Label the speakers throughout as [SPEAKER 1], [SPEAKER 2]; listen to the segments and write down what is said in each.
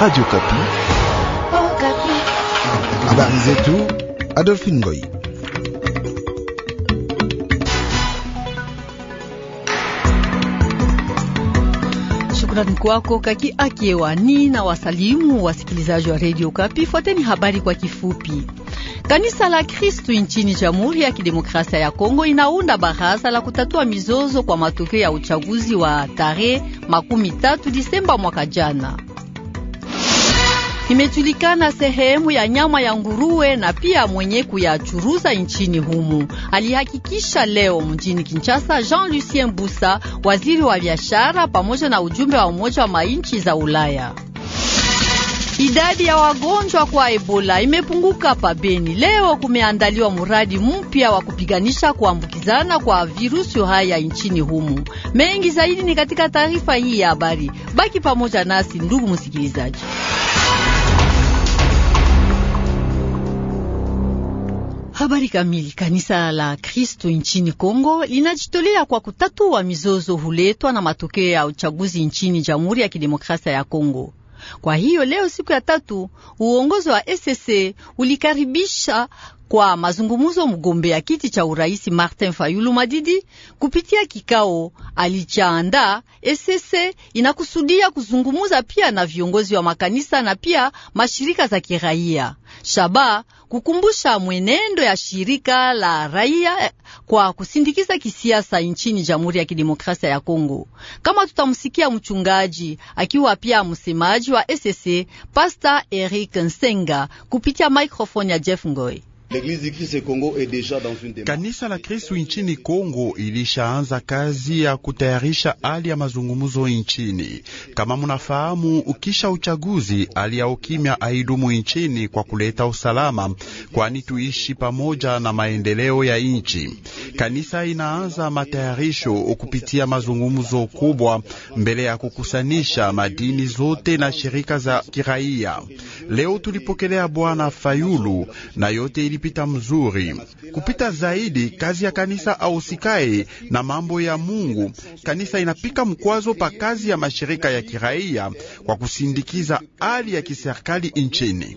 [SPEAKER 1] Radio Kapi.
[SPEAKER 2] Oh, Kapi.
[SPEAKER 1] Habari zetu Adolphe Ngoy.
[SPEAKER 3] Shukrani kwako Kaki Akiewani na wasalimu wasikilizaji wa Radio Kapi. Fuateni habari kwa kifupi. Kanisa la Kristu nchini Jamhuri ya Kidemokrasia ya Kongo inaunda baraza la kutatua mizozo kwa matokeo ya uchaguzi wa tarehe makumi tatu Disemba mwaka jana imejulikana sehemu ya nyama ya nguruwe na pia mwenye kuyachuruza nchini humu, alihakikisha leo mjini Kinshasa Jean Lucien Busa, waziri wa biashara, pamoja na ujumbe wa Umoja wa Mainchi za Ulaya. Idadi ya wagonjwa kwa Ebola imepunguka pabeni Leo kumeandaliwa mradi mpya wa kupiganisha kuambukizana kwa virusi haya nchini humu. Mengi zaidi ni katika taarifa hii ya habari. Baki pamoja nasi ndugu msikilizaji. Habari kamili. Kanisa la Kristo nchini Kongo linajitolea kwa kutatua mizozo huletwa na matokeo ya uchaguzi nchini Jamhuri ya Kidemokrasia ya Kongo. Kwa hiyo leo siku ya tatu, uongozi wa SSC ulikaribisha kwa mazungumzo mgombea kiti cha urais Martin Fayulu Madidi kupitia kikao alichaanda esese inakusudia kuzungumuza pia na viongozi wa makanisa na pia mashirika za kiraia shaba kukumbusha mwenendo ya shirika la raia eh, kwa kusindikiza kisiasa nchini Jamhuri ya Kidemokrasia ya Kongo, kama tutamsikia mchungaji akiwa pia msemaji wa esese Pastor Eric Nsenga kupitia microphone ya Jeff
[SPEAKER 1] Ngoi. Kanisa la Kristo nchini Kongo ilishaanza kazi ya kutayarisha hali ya mazungumzo nchini. Kama mnafahamu, ukisha uchaguzi hali ya ukimya aidumu nchini kwa kuleta usalama, kwani tuishi pamoja na maendeleo ya nchi. Kanisa inaanza matayarisho kupitia mazungumzo kubwa mbele ya kukusanisha madini zote na shirika za kiraia. Leo tulipokelea Bwana Fayulu na yote ili ilipita mzuri kupita zaidi. Kazi ya kanisa ausikae na mambo ya Mungu, kanisa inapika mkwazo pa kazi ya mashirika ya kiraia kwa kusindikiza hali ya kiserikali nchini.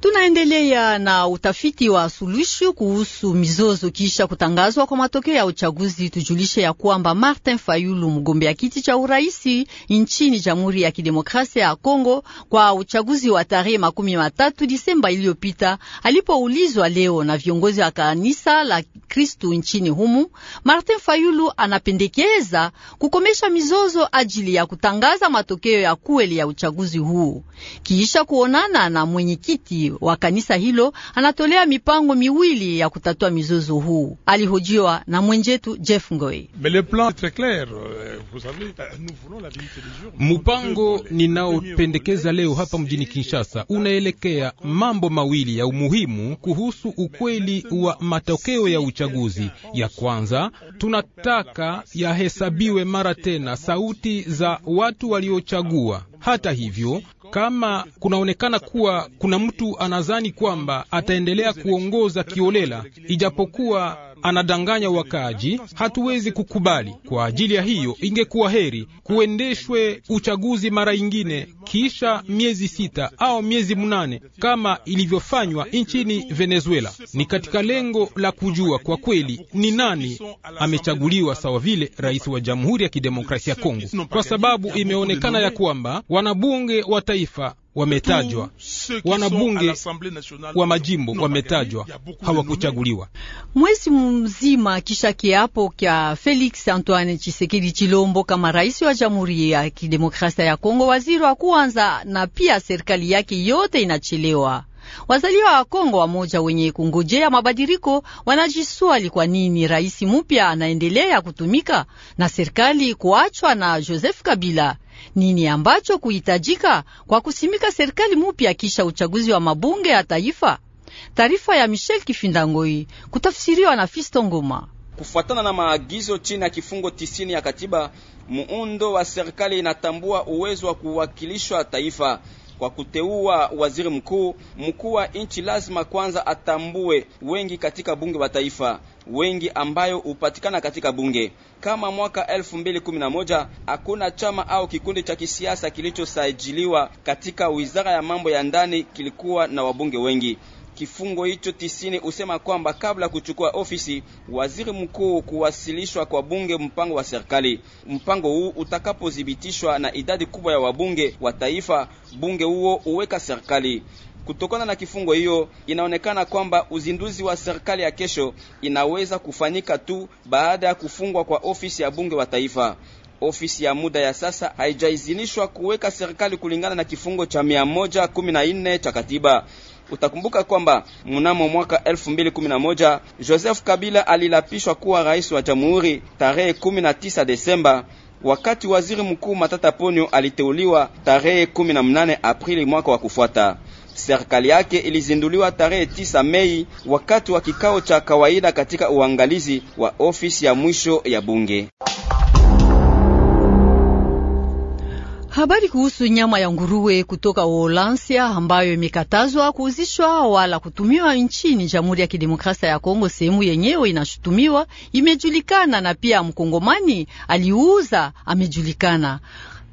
[SPEAKER 3] Tunaendelea na utafiti wa suluhisho kuhusu mizozo kisha kutangazwa kwa matokeo ya uchaguzi. Tujulishe ya kwamba Martin Fayulu, mgombea kiti cha uraisi nchini Jamhuri ya Kidemokrasia ya Kongo kwa uchaguzi wa tarehe makumi matatu Disemba iliyopita, alipoulizwa leo na viongozi wa kanisa la Kristu nchini humu, Martin Fayulu anapendekeza kukomesha mizozo ajili ya kutangaza matokeo ya kweli ya uchaguzi huu kisha kuonana na mwenyekiti wa kanisa hilo anatolea mipango miwili ya kutatua mizozo huu. Alihojiwa na mwenjetu Jeff Ngoi.
[SPEAKER 4] Euh, euh, Mpango ninaopendekeza leo hapa mjini Kinshasa unaelekea mambo mawili ya umuhimu kuhusu ukweli wa matokeo ya uchaguzi. Ya kwanza, tunataka yahesabiwe mara tena sauti za watu waliochagua. Hata hivyo kama kunaonekana kuwa kuna mtu anadhani kwamba ataendelea kuongoza kiolela, ijapokuwa anadanganya wakaaji, hatuwezi kukubali. Kwa ajili ya hiyo, ingekuwa heri kuendeshwe uchaguzi mara ingine kisha miezi sita au miezi mnane kama ilivyofanywa nchini Venezuela. Ni katika lengo la kujua kwa kweli ni nani amechaguliwa sawa vile rais wa Jamhuri ya Kidemokrasia ya Kongo, kwa sababu imeonekana ya kwamba wanabunge wa taifa wametajwa, wanabunge wa majimbo wametajwa, hawakuchaguliwa. Mwezi mzima
[SPEAKER 3] kisha kiapo kya Felix Antoine chisekedi chilombo kama rais wa Jamhuri ya Kidemokrasia ya Kongo, waziri wa kwanza na pia serikali yake yote inachelewa. Wazaliwa wa Kongo wamoja wenye kungojea mabadiliko wanajiswali kwa nini rais mupya anaendelea kutumika na serikali kuachwa na Joseph Kabila. Nini ambacho kuhitajika kwa kusimika serikali mupya kisha uchaguzi wa mabunge ya taifa? Taarifa ya Michel Kifindangoi kutafsiriwa na Fisto Ngoma.
[SPEAKER 2] Kufuatana na maagizo chini ya kifungo tisini ya katiba, muundo wa serikali inatambua uwezo wa kuwakilishwa taifa kwa kuteua waziri mkuu, mkuu wa nchi lazima kwanza atambue wengi katika bunge wa taifa, wengi ambayo hupatikana katika bunge. Kama mwaka 2011 hakuna chama au kikundi cha kisiasa kilichosajiliwa katika wizara ya mambo ya ndani kilikuwa na wabunge wengi kifungo hicho tisini usema kwamba kabla ya kuchukua ofisi waziri mkuu kuwasilishwa kwa bunge mpango wa serikali. Mpango huu utakapothibitishwa na idadi kubwa ya wabunge wa taifa, bunge huo uweka serikali. Kutokana na kifungo hiyo, inaonekana kwamba uzinduzi wa serikali ya kesho inaweza kufanyika tu baada ya kufungwa kwa ofisi ya bunge wa taifa. Ofisi ya muda ya sasa haijaizinishwa kuweka serikali kulingana na kifungo cha 114 cha katiba. Utakumbuka kwamba mnamo mwaka 2011 Joseph Kabila alilapishwa kuwa rais wa jamhuri tarehe 19 Desemba, wakati waziri mkuu Matata Ponyo aliteuliwa tarehe 18 Aprili mwaka wa kufuata. Serikali yake ilizinduliwa tarehe 9 Mei wakati wa kikao cha kawaida katika uangalizi wa ofisi ya mwisho ya bunge.
[SPEAKER 3] Habari kuhusu nyama ya nguruwe kutoka Uholansia ambayo imekatazwa kuuzishwa wala kutumiwa nchini Jamhuri ya Kidemokrasia ya Kongo, sehemu yenyewe inashutumiwa imejulikana, na pia mkongomani aliuza amejulikana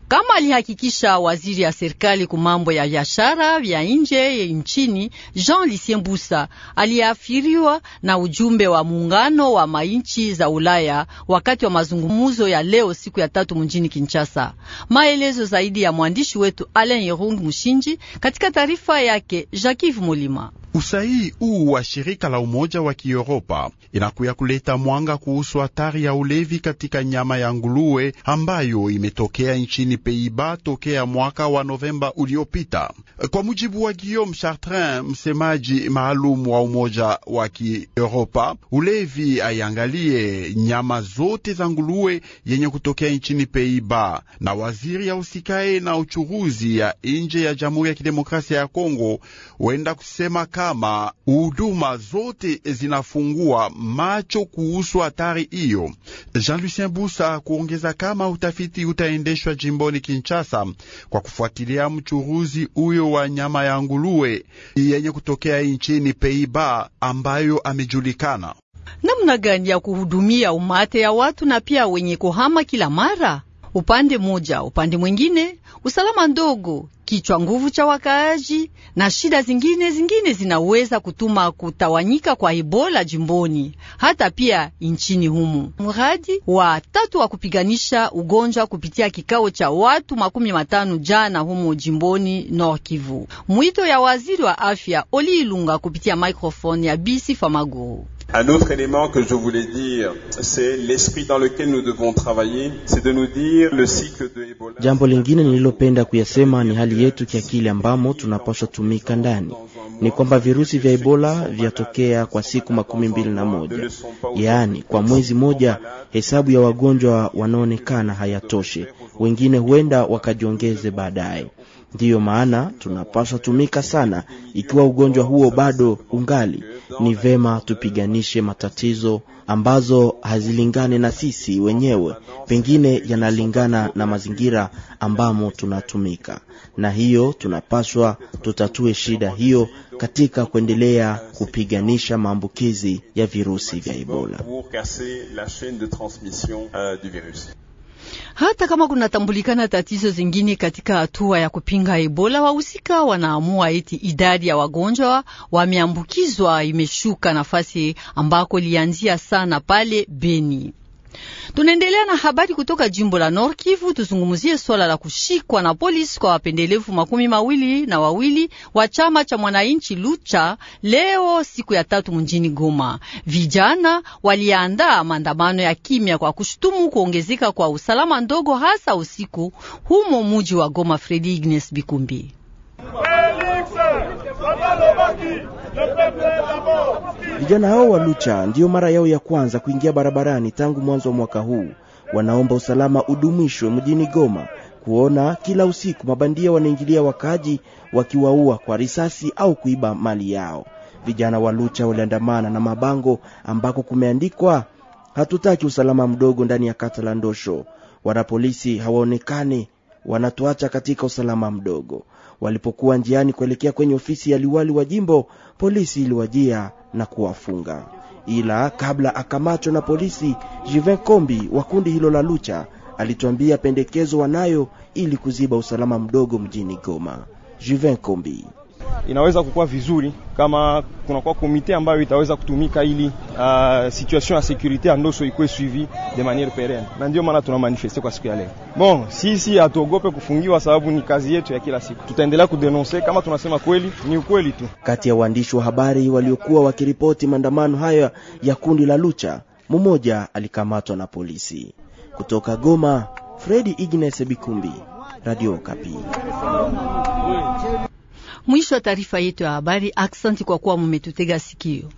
[SPEAKER 3] kama alihakikisha waziri ya serikali ku mambo ya biashara vya nje nchini Jean busa Aliafiriwa na ujumbe wa muungano wa mainchi za Ulaya wakati wa mazungumzo ya leo siku ya tatu mjini Kinshasa. Maelezo zaidi ya mwandishi wetu Alain Yerung Mushinji katika taarifa yake Jacques molima
[SPEAKER 1] Usahihi huu wa shirika la Umoja wa Kiuropa inakuya kuleta mwanga kuhusu hatari ya ulevi katika nyama ya nguluwe ambayo imetokea nchini Peiba tokea mwaka wa Novemba uliopita, kwa mujibu wa Guillaume Chartrain, msemaji maalum wa Umoja wa Kiuropa. Ulevi aiangalie nyama zote za nguluwe yenye kutokea nchini Peiba, na waziri ya usikae na uchuruzi ya nje ya Jamhuri ya Kidemokrasia ya Kongo wenda kusema kama huduma zote zinafungua macho kuhusu hatari hiyo. Jean Lucien Busa kuongeza kama utafiti utaendeshwa jimboni Kinshasa kwa kufuatilia mchuruzi huyo wa nyama ya ngulue yenye kutokea nchini Peiba ambayo amejulikana
[SPEAKER 3] namna gani ya kuhudumia umate ya watu na pia wenye kuhama kila mara upande moja, upande mwingine usalama ndogo, kichwa nguvu cha wakaaji na shida zingine zingine zinaweza kutuma kutawanyika kwa Ebola jimboni hata pia nchini humu. Mradi wa tatu wa kupiganisha ugonjwa kupitia kikao cha watu makumi matano jana humu jimboni Nord Kivu. Mwito ya waziri wa afya Oli Ilunga kupitia microphone ya Bisi Famaguru.
[SPEAKER 4] Un autre élément que je voulais dire, c'est l'esprit dans lequel nous devons travailler, c'est de nous dire le cycle de Ebola.
[SPEAKER 5] Jambo lingine nililopenda kuyasema ni hali yetu kiakili ambamo tunapaswa tumika ndani ni kwamba virusi vya Ebola vyatokea kwa siku makumi mbili na moja, yaani kwa mwezi moja. Hesabu ya wagonjwa wanaonekana hayatoshe wengine huenda wakajiongeze baadaye. Ndiyo maana tunapaswa tumika sana ikiwa ugonjwa huo bado ungali ni vema tupiganishe matatizo ambazo hazilingani na sisi wenyewe, pengine yanalingana na mazingira ambamo tunatumika, na hiyo tunapaswa tutatue shida hiyo katika kuendelea kupiganisha maambukizi ya virusi vya Ebola. Hata
[SPEAKER 4] kama kunatambulikana
[SPEAKER 3] tatizo zingine katika hatua ya kupinga Ebola, wahusika wanaamua eti idadi ya wagonjwa wameambukizwa imeshuka nafasi ambako ilianzia sana pale Beni. Tunaendelea na habari kutoka jimbo la North Kivu. Tuzungumzie swala la kushikwa na polisi kwa wapendelevu makumi mawili na wawili wa chama cha mwananchi Lucha leo siku ya tatu mjini Goma. Vijana waliandaa maandamano ya kimya kwa kushutumu kuongezeka kwa usalama ndogo, hasa usiku humo muji wa Goma. Fredi Ignace Bikumbi
[SPEAKER 5] Vijana hao wa Lucha ndiyo mara yao ya kwanza kuingia barabarani tangu mwanzo wa mwaka huu. Wanaomba usalama udumishwe mjini Goma, kuona kila usiku mabandia wanaingilia wakaji wakiwaua kwa risasi au kuiba mali yao. Vijana wa Lucha waliandamana na mabango ambako kumeandikwa hatutaki usalama mdogo ndani ya kata la Ndosho, wanapolisi hawaonekani, wanatuacha katika usalama mdogo. Walipokuwa njiani kuelekea kwenye ofisi ya liwali wa jimbo, polisi iliwajia na kuwafunga, ila kabla akamatwa na polisi, Jivin Kombi wa kundi hilo la Lucha alituambia pendekezo wanayo ili kuziba usalama mdogo mjini Goma. Jivin Kombi
[SPEAKER 4] inaweza kukuwa
[SPEAKER 2] vizuri kama kunakuwa komite ambayo itaweza kutumika ili uh, situation ya sekurite ya Ndoso ikuwe suivi de maniere perene, na ndio maana tuna manifeste kwa siku ya leo.
[SPEAKER 4] Bon, sisi hatuogope kufungiwa, sababu ni kazi yetu ya kila siku. Tutaendelea kudenonse kama tunasema kweli, ni ukweli tu.
[SPEAKER 5] Kati ya waandishi wa habari waliokuwa wakiripoti maandamano haya ya kundi la Lucha, mmoja alikamatwa na polisi. Kutoka Goma, Fredi Ignace Bikumbi, Radio Kapi. Mwisho wa taarifa yetu ya habari.
[SPEAKER 3] Aksanti kwa kuwa mumetutega sikio.